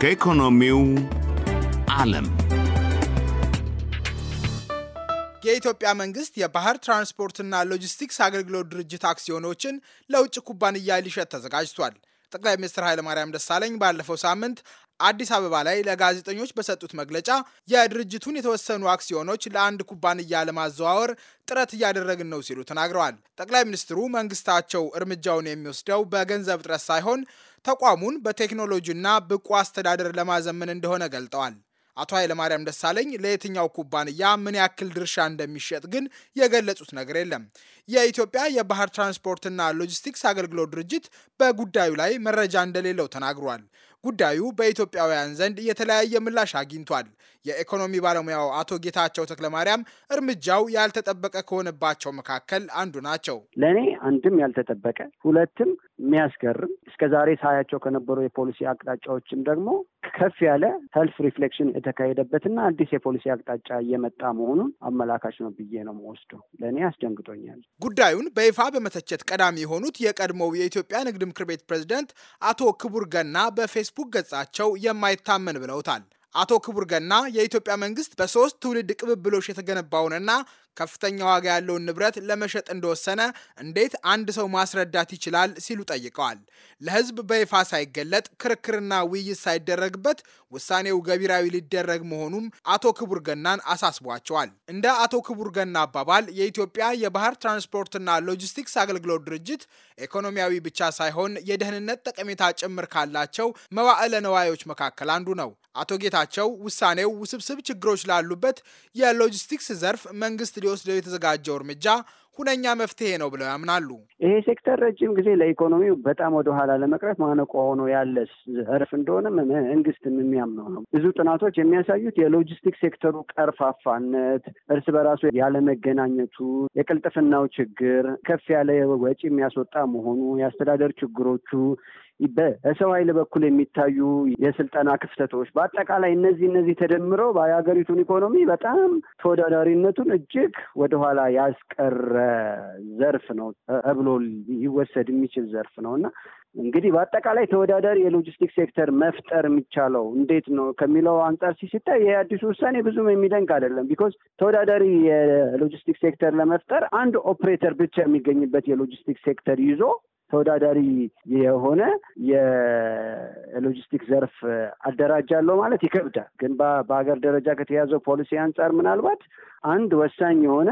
ከኢኮኖሚው ዓለም የኢትዮጵያ መንግስት የባህር ትራንስፖርትና ሎጂስቲክስ አገልግሎት ድርጅት አክሲዮኖችን ለውጭ ኩባንያ ሊሸጥ ተዘጋጅቷል። ጠቅላይ ሚኒስትር ኃይለማርያም ደሳለኝ ባለፈው ሳምንት አዲስ አበባ ላይ ለጋዜጠኞች በሰጡት መግለጫ የድርጅቱን የተወሰኑ አክሲዮኖች ለአንድ ኩባንያ ለማዘዋወር ጥረት እያደረግን ነው ሲሉ ተናግረዋል። ጠቅላይ ሚኒስትሩ መንግስታቸው እርምጃውን የሚወስደው በገንዘብ ጥረት ሳይሆን ተቋሙን በቴክኖሎጂና ብቁ አስተዳደር ለማዘመን እንደሆነ ገልጠዋል። አቶ ኃይለማርያም ደሳለኝ ለየትኛው ኩባንያ ምን ያክል ድርሻ እንደሚሸጥ ግን የገለጹት ነገር የለም። የኢትዮጵያ የባህር ትራንስፖርትና ሎጂስቲክስ አገልግሎት ድርጅት በጉዳዩ ላይ መረጃ እንደሌለው ተናግሯል። ጉዳዩ በኢትዮጵያውያን ዘንድ የተለያየ ምላሽ አግኝቷል። የኢኮኖሚ ባለሙያው አቶ ጌታቸው ተክለማርያም እርምጃው ያልተጠበቀ ከሆነባቸው መካከል አንዱ ናቸው። ለእኔ አንድም ያልተጠበቀ ሁለትም የሚያስገርም እስከ ዛሬ ሳያቸው ከነበሩ የፖሊሲ አቅጣጫዎችም ደግሞ ከፍ ያለ ሰልፍ ሪፍሌክሽን የተካሄደበትና አዲስ የፖሊሲ አቅጣጫ እየመጣ መሆኑን አመላካች ነው ብዬ ነው መወስደው። ለእኔ አስደንግጦኛል። ጉዳዩን በይፋ በመተቸት ቀዳሚ የሆኑት የቀድሞው የኢትዮጵያ ንግድ ምክር ቤት ፕሬዚደንት አቶ ክቡር ገና በፌስ በፌስቡክ ገጻቸው የማይታመን ብለውታል። አቶ ክቡር ገና የኢትዮጵያ መንግስት በሶስት ትውልድ ቅብብሎች የተገነባውንና ከፍተኛ ዋጋ ያለውን ንብረት ለመሸጥ እንደወሰነ እንዴት አንድ ሰው ማስረዳት ይችላል ሲሉ ጠይቀዋል። ለህዝብ በይፋ ሳይገለጥ ክርክርና ውይይት ሳይደረግበት ውሳኔው ገቢራዊ ሊደረግ መሆኑም አቶ ክቡር ገናን አሳስቧቸዋል። እንደ አቶ ክቡር ገና አባባል የኢትዮጵያ የባህር ትራንስፖርትና ሎጂስቲክስ አገልግሎት ድርጅት ኢኮኖሚያዊ ብቻ ሳይሆን የደህንነት ጠቀሜታ ጭምር ካላቸው መዋዕለ ነዋዮች መካከል አንዱ ነው። አቶ ጌታቸው ውሳኔው ውስብስብ ችግሮች ላሉበት የሎጂስቲክስ ዘርፍ መንግስት ሊወስደው የተዘጋጀው እርምጃ ሁነኛ መፍትሄ ነው ብለው ያምናሉ። ይሄ ሴክተር ረጅም ጊዜ ለኢኮኖሚው በጣም ወደኋላ ለመቅረት ማነቆ ሆኖ ያለ ዘርፍ እንደሆነ መንግስትም የሚያምነው ነው። ብዙ ጥናቶች የሚያሳዩት የሎጂስቲክስ ሴክተሩ ቀርፋፋነት፣ እርስ በራሱ ያለመገናኘቱ፣ የቅልጥፍናው ችግር፣ ከፍ ያለ ወጪ የሚያስወጣ መሆኑ፣ የአስተዳደር ችግሮቹ በሰው ኃይል በኩል የሚታዩ የስልጠና ክፍተቶች፣ በአጠቃላይ እነዚህ እነዚህ ተደምረው የሀገሪቱን ኢኮኖሚ በጣም ተወዳዳሪነቱን እጅግ ወደኋላ ያስቀረ ዘርፍ ነው ተብሎ ሊወሰድ የሚችል ዘርፍ ነው እና እንግዲህ በአጠቃላይ ተወዳዳሪ የሎጂስቲክ ሴክተር መፍጠር የሚቻለው እንዴት ነው ከሚለው አንጻር ሲታይ ይህ አዲሱ ውሳኔ ብዙም የሚደንቅ አይደለም። ቢኮዝ ተወዳዳሪ የሎጂስቲክ ሴክተር ለመፍጠር አንድ ኦፕሬተር ብቻ የሚገኝበት የሎጂስቲክ ሴክተር ይዞ ተወዳዳሪ የሆነ የሎጂስቲክ ዘርፍ አደራጃለሁ ማለት ይከብዳል። ግን በሀገር ደረጃ ከተያዘው ፖሊሲ አንጻር ምናልባት አንድ ወሳኝ የሆነ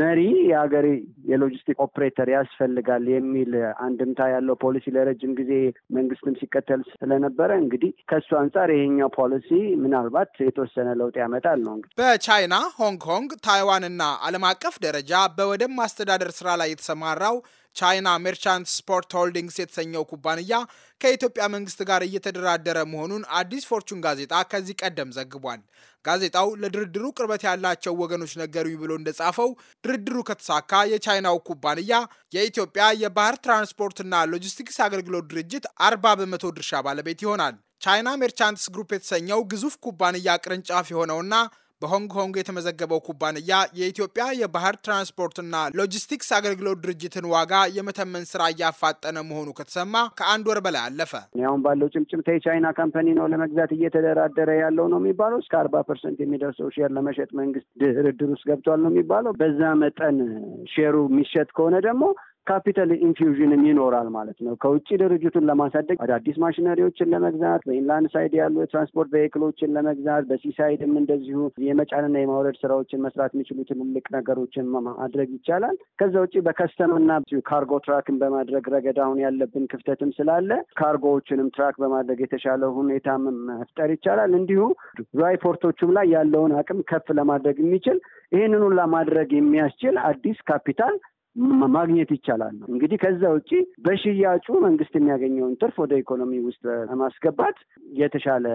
መሪ የሀገር የሎጂስቲክ ኦፕሬተር ያስፈልጋል የሚል አንድምታ ያለው ፖሊሲ ለረጅም ጊዜ መንግስትም ሲከተል ስለነበረ እንግዲህ ከሱ አንጻር ይሄኛው ፖሊሲ ምናልባት የተወሰነ ለውጥ ያመጣል ነው። እንግዲህ በቻይና ሆንግ ኮንግ፣ ታይዋን እና ዓለም አቀፍ ደረጃ በወደብ ማስተዳደር ስራ ላይ የተሰማራው ቻይና ሜርቻንት ስፖርት ሆልዲንግስ የተሰኘው ኩባንያ ከኢትዮጵያ መንግስት ጋር እየተደራደረ መሆኑን አዲስ ፎርቹን ጋዜጣ ከዚህ ቀደም ዘግቧል። ጋዜጣው ለድርድሩ ቅርበት ያላቸው ወገኖች ነገሩኝ ብሎ እንደጻፈው ድርድሩ ከተሳካ የቻይናው ኩባንያ የኢትዮጵያ የባህር ትራንስፖርትና ሎጂስቲክስ አገልግሎት ድርጅት አርባ በመቶ ድርሻ ባለቤት ይሆናል። ቻይና ሜርቻንትስ ግሩፕ የተሰኘው ግዙፍ ኩባንያ ቅርንጫፍ የሆነውና በሆንግ ኮንግ የተመዘገበው ኩባንያ የኢትዮጵያ የባህር ትራንስፖርትና ሎጂስቲክስ አገልግሎት ድርጅትን ዋጋ የመተመን ስራ እያፋጠነ መሆኑ ከተሰማ ከአንድ ወር በላይ አለፈ። አሁን ባለው ጭምጭምታ የቻይና ካምፓኒ ነው ለመግዛት እየተደራደረ ያለው ነው የሚባለው። እስከ አርባ ፐርሰንት የሚደርሰው ሼር ለመሸጥ መንግስት ድርድር ውስጥ ገብቷል ነው የሚባለው። በዛ መጠን ሼሩ የሚሸጥ ከሆነ ደግሞ ካፒታል ኢንፊውዥንም ይኖራል ማለት ነው። ከውጭ ድርጅቱን ለማሳደግ አዳዲስ ማሽነሪዎችን ለመግዛት፣ በኢንላንድ ሳይድ ያሉ የትራንስፖርት ቬሂክሎችን ለመግዛት፣ በሲሳይድም እንደዚሁ የመጫንና የማውረድ ስራዎችን መስራት የሚችሉ ትልልቅ ነገሮችን ማድረግ ይቻላል። ከዛ ውጭ በከስተምና ካርጎ ትራክን በማድረግ ረገድ አሁን ያለብን ክፍተትም ስላለ ካርጎዎችንም ትራክ በማድረግ የተሻለ ሁኔታም መፍጠር ይቻላል። እንዲሁ ድራይ ፖርቶቹም ላይ ያለውን አቅም ከፍ ለማድረግ የሚችል ይህንን ለማድረግ የሚያስችል አዲስ ካፒታል ማግኘት ይቻላል ነው። እንግዲህ ከዛ ውጪ በሽያጩ መንግስት የሚያገኘውን ትርፍ ወደ ኢኮኖሚ ውስጥ በማስገባት የተሻለ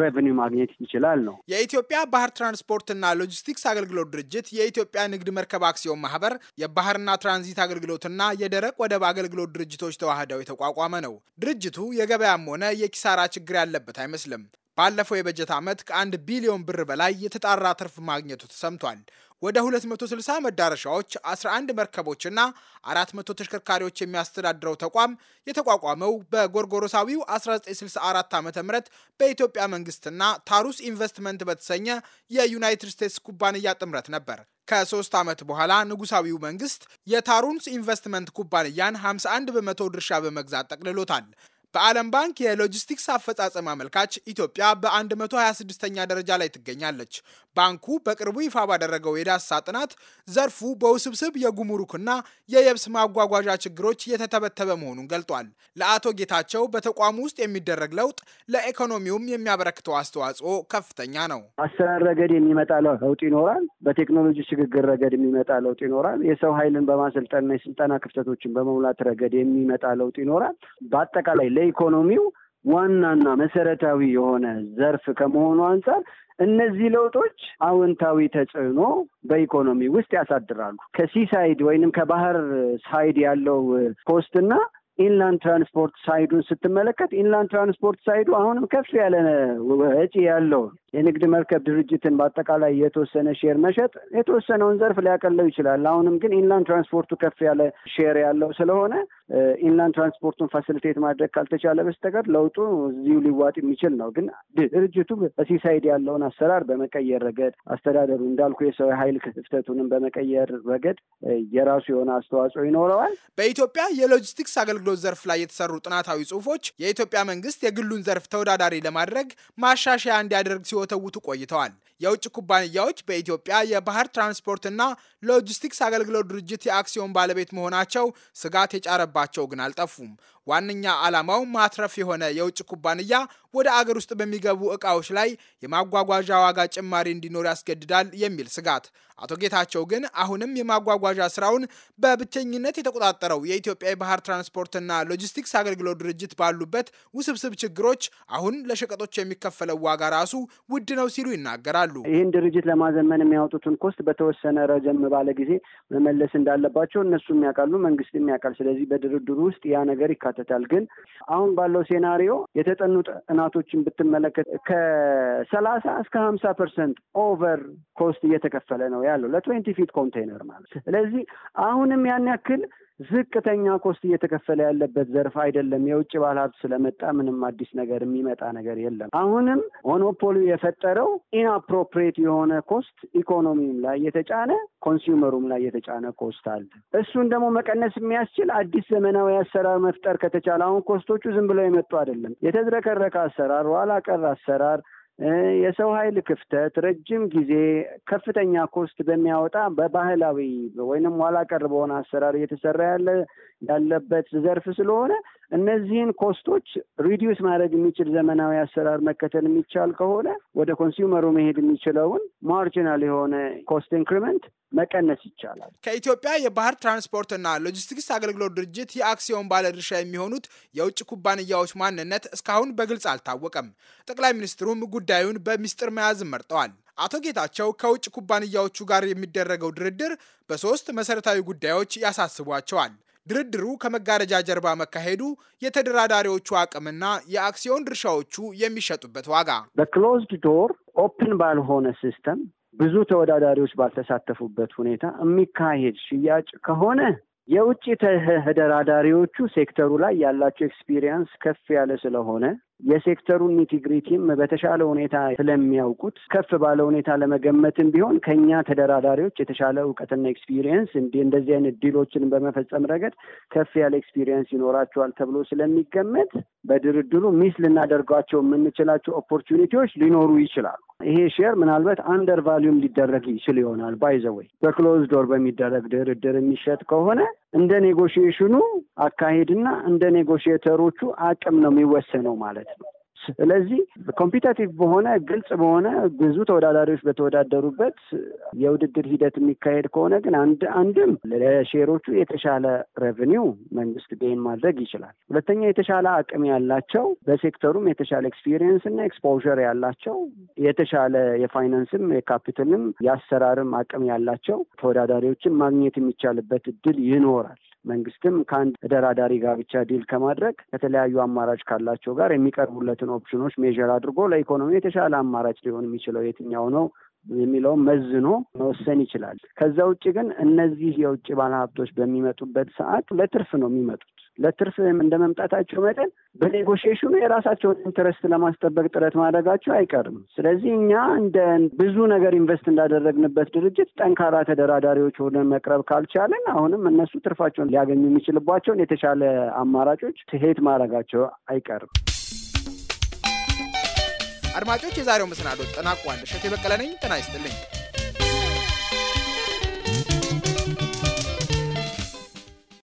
ሬቨኒ ማግኘት ይችላል ነው። የኢትዮጵያ ባህር ትራንስፖርትና ሎጂስቲክስ አገልግሎት ድርጅት፣ የኢትዮጵያ ንግድ መርከብ አክሲዮን ማህበር፣ የባህርና ትራንዚት አገልግሎትና የደረቅ ወደብ አገልግሎት ድርጅቶች ተዋህደው የተቋቋመ ነው። ድርጅቱ የገበያም ሆነ የኪሳራ ችግር ያለበት አይመስልም። ባለፈው የበጀት ዓመት ከአንድ ቢሊዮን ብር በላይ የተጣራ ትርፍ ማግኘቱ ተሰምቷል። ወደ 260 መዳረሻዎች 11 መርከቦችና 400 ተሽከርካሪዎች የሚያስተዳድረው ተቋም የተቋቋመው በጎርጎሮሳዊው 1964 ዓ ም በኢትዮጵያ መንግስትና ታሩስ ኢንቨስትመንት በተሰኘ የዩናይትድ ስቴትስ ኩባንያ ጥምረት ነበር። ከሶስት ዓመት በኋላ ንጉሳዊው መንግስት የታሩንስ ኢንቨስትመንት ኩባንያን 51 በመቶ ድርሻ በመግዛት ጠቅልሎታል። በዓለም ባንክ የሎጂስቲክስ አፈጻጸም አመልካች ኢትዮጵያ በ126ኛ ደረጃ ላይ ትገኛለች። ባንኩ በቅርቡ ይፋ ባደረገው የዳሳ ጥናት ዘርፉ በውስብስብ የጉምሩክና የየብስ ማጓጓዣ ችግሮች የተተበተበ መሆኑን ገልጧል። ለአቶ ጌታቸው በተቋሙ ውስጥ የሚደረግ ለውጥ ለኢኮኖሚውም የሚያበረክተው አስተዋጽኦ ከፍተኛ ነው። አሰራር ረገድ የሚመጣ ለውጥ ይኖራል። በቴክኖሎጂ ሽግግር ረገድ የሚመጣ ለውጥ ይኖራል። የሰው ኃይልን በማሰልጠንና የስልጠና ክፍተቶችን በመሙላት ረገድ የሚመጣ ለውጥ ይኖራል። በአጠቃላይ ለኢኮኖሚው ዋናና መሰረታዊ የሆነ ዘርፍ ከመሆኑ አንጻር እነዚህ ለውጦች አዎንታዊ ተጽዕኖ በኢኮኖሚ ውስጥ ያሳድራሉ። ከሲሳይድ ወይንም ከባህር ሳይድ ያለው ኮስት እና ኢንላንድ ትራንስፖርት ሳይዱን ስትመለከት ኢንላንድ ትራንስፖርት ሳይዱ አሁንም ከፍ ያለ ወጪ ያለው የንግድ መርከብ ድርጅትን በአጠቃላይ የተወሰነ ሼር መሸጥ የተወሰነውን ዘርፍ ሊያቀለው ይችላል። አሁንም ግን ኢንላንድ ትራንስፖርቱ ከፍ ያለ ሼር ያለው ስለሆነ ኢንላንድ ትራንስፖርቱን ፋሲሊቴት ማድረግ ካልተቻለ በስተቀር ለውጡ እዚሁ ሊዋጥ የሚችል ነው። ግን ድርጅቱ በሲሳይድ ያለውን አሰራር በመቀየር ረገድ አስተዳደሩ እንዳልኩ የሰው ኃይል ክፍተቱንም በመቀየር ረገድ የራሱ የሆነ አስተዋጽኦ ይኖረዋል። በኢትዮጵያ የሎጂስቲክስ አገልግሎት ዘርፍ ላይ የተሰሩ ጥናታዊ ጽሁፎች የኢትዮጵያ መንግስት የግሉን ዘርፍ ተወዳዳሪ ለማድረግ ማሻሻያ እንዲያደርግ ሲወተውቱ ቆይተዋል። የውጭ ኩባንያዎች በኢትዮጵያ የባህር ትራንስፖርትና ሎጂስቲክስ አገልግሎት ድርጅት የአክሲዮን ባለቤት መሆናቸው ስጋት የጫረባቸው ግን አልጠፉም። ዋነኛ ዓላማው ማትረፍ የሆነ የውጭ ኩባንያ ወደ አገር ውስጥ በሚገቡ እቃዎች ላይ የማጓጓዣ ዋጋ ጭማሪ እንዲኖር ያስገድዳል የሚል ስጋት። አቶ ጌታቸው ግን አሁንም የማጓጓዣ ስራውን በብቸኝነት የተቆጣጠረው የኢትዮጵያ የባህር ትራንስፖርትና ሎጂስቲክስ አገልግሎት ድርጅት ባሉበት ውስብስብ ችግሮች አሁን ለሸቀጦች የሚከፈለው ዋጋ ራሱ ውድ ነው ሲሉ ይናገራሉ። ይህን ድርጅት ለማዘመን የሚያወጡትን ኮስት በተወሰነ ረዘም ባለ ጊዜ መመለስ እንዳለባቸው እነሱም ያውቃሉ፣ መንግስትም ያውቃል። ስለዚህ በድርድሩ ውስጥ ያ ነገር ይካ ያካትታል። ግን አሁን ባለው ሴናሪዮ የተጠኑ ጥናቶችን ብትመለከት ከሰላሳ እስከ ሀምሳ ፐርሰንት ኦቨር ኮስት እየተከፈለ ነው ያለው ለትዌንቲ ፊት ኮንቴነር ማለት። ስለዚህ አሁንም ያን ያክል ዝቅተኛ ኮስት እየተከፈለ ያለበት ዘርፍ አይደለም። የውጭ ባለሀብት ስለመጣ ምንም አዲስ ነገር የሚመጣ ነገር የለም። አሁንም ሞኖፖሊ የፈጠረው ኢንአፕሮፕሬት የሆነ ኮስት ኢኮኖሚውም ላይ የተጫነ ኮንሱመሩም ላይ የተጫነ ኮስት አለ። እሱን ደግሞ መቀነስ የሚያስችል አዲስ ዘመናዊ አሰራር መፍጠር ከተቻለ አሁን ኮስቶቹ ዝም ብለው የመጡ አይደለም። የተዝረከረከ አሰራር፣ ኋላ ቀር አሰራር የሰው ኃይል ክፍተት ረጅም ጊዜ ከፍተኛ ኮስት በሚያወጣ በባህላዊ ወይንም ኋላ ቀር በሆነ አሰራር እየተሰራ ያለ ያለበት ዘርፍ ስለሆነ እነዚህን ኮስቶች ሪዲዩስ ማድረግ የሚችል ዘመናዊ አሰራር መከተል የሚቻል ከሆነ ወደ ኮንሱመሩ መሄድ የሚችለውን ማርጂናል የሆነ ኮስት ኢንክሪመንት መቀነስ ይቻላል። ከኢትዮጵያ የባህር ትራንስፖርትና ሎጂስቲክስ አገልግሎት ድርጅት የአክሲዮን ባለድርሻ የሚሆኑት የውጭ ኩባንያዎች ማንነት እስካሁን በግልጽ አልታወቀም። ጠቅላይ ሚኒስትሩም ጉዳዩን በሚስጥር መያዝ መርጠዋል። አቶ ጌታቸው ከውጭ ኩባንያዎቹ ጋር የሚደረገው ድርድር በሶስት መሰረታዊ ጉዳዮች ያሳስቧቸዋል። ድርድሩ ከመጋረጃ ጀርባ መካሄዱ የተደራዳሪዎቹ አቅምና የአክሲዮን ድርሻዎቹ የሚሸጡበት ዋጋ በክሎዝድ ዶር ኦፕን ባልሆነ ሲስተም ብዙ ተወዳዳሪዎች ባልተሳተፉበት ሁኔታ የሚካሄድ ሽያጭ ከሆነ የውጭ ተደራዳሪዎቹ ሴክተሩ ላይ ያላቸው ኤክስፒሪየንስ ከፍ ያለ ስለሆነ የሴክተሩን ኢንቲግሪቲም በተሻለ ሁኔታ ስለሚያውቁት ከፍ ባለ ሁኔታ ለመገመትም ቢሆን ከኛ ተደራዳሪዎች የተሻለ እውቀትና ኤክስፒሪየንስ እንዲ እንደዚህ አይነት ዲሎችን በመፈጸም ረገድ ከፍ ያለ ኤክስፒሪየንስ ይኖራቸዋል ተብሎ ስለሚገመት በድርድሩ ሚስ ልናደርጓቸው የምንችላቸው ኦፖርቹኒቲዎች ሊኖሩ ይችላሉ። ይሄ ሼር ምናልባት አንደር ቫሊዩም ሊደረግ ይችል ይሆናል። ባይዘወይ በክሎዝ ዶር በሚደረግ ድርድር የሚሸጥ ከሆነ እንደ ኔጎሽሽኑ አካሄድና እንደ ኔጎሽተሮቹ አቅም ነው የሚወሰነው ማለት ነው። ስለዚህ ኮምፒታቲቭ በሆነ ግልጽ በሆነ ብዙ ተወዳዳሪዎች በተወዳደሩበት የውድድር ሂደት የሚካሄድ ከሆነ ግን አንድም ለሼሮቹ የተሻለ ሬቨኒው መንግስት ጌን ማድረግ ይችላል። ሁለተኛ የተሻለ አቅም ያላቸው በሴክተሩም የተሻለ ኤክስፒሪየንስ እና ኤክስፖዠር ያላቸው የተሻለ የፋይናንስም የካፒታልም የአሰራርም አቅም ያላቸው ተወዳዳሪዎችን ማግኘት የሚቻልበት እድል ይኖራል። መንግስትም ከአንድ ተደራዳሪ ጋር ብቻ ዲል ከማድረግ ከተለያዩ አማራጭ ካላቸው ጋር የሚቀርቡለትን ኦፕሽኖች ሜዥር አድርጎ ለኢኮኖሚ የተሻለ አማራጭ ሊሆን የሚችለው የትኛው ነው የሚለውን መዝኖ መወሰን ይችላል። ከዛ ውጭ ግን እነዚህ የውጭ ባለሀብቶች በሚመጡበት ሰዓት ለትርፍ ነው የሚመጡት። ለትርፍ እንደ መምጣታቸው መጠን በኔጎሽሽኑ የራሳቸውን ኢንትረስት ለማስጠበቅ ጥረት ማድረጋቸው አይቀርም። ስለዚህ እኛ እንደ ብዙ ነገር ኢንቨስት እንዳደረግንበት ድርጅት ጠንካራ ተደራዳሪዎች ሆነን መቅረብ ካልቻለን አሁንም እነሱ ትርፋቸውን ሊያገኙ የሚችልባቸውን የተሻለ አማራጮች ትሄት ማድረጋቸው አይቀርም። አድማጮች፣ የዛሬው መሰናዶ ተጠናቋል። እሸቴ በቀለ ነኝ። ጤና ይስጥልኝ።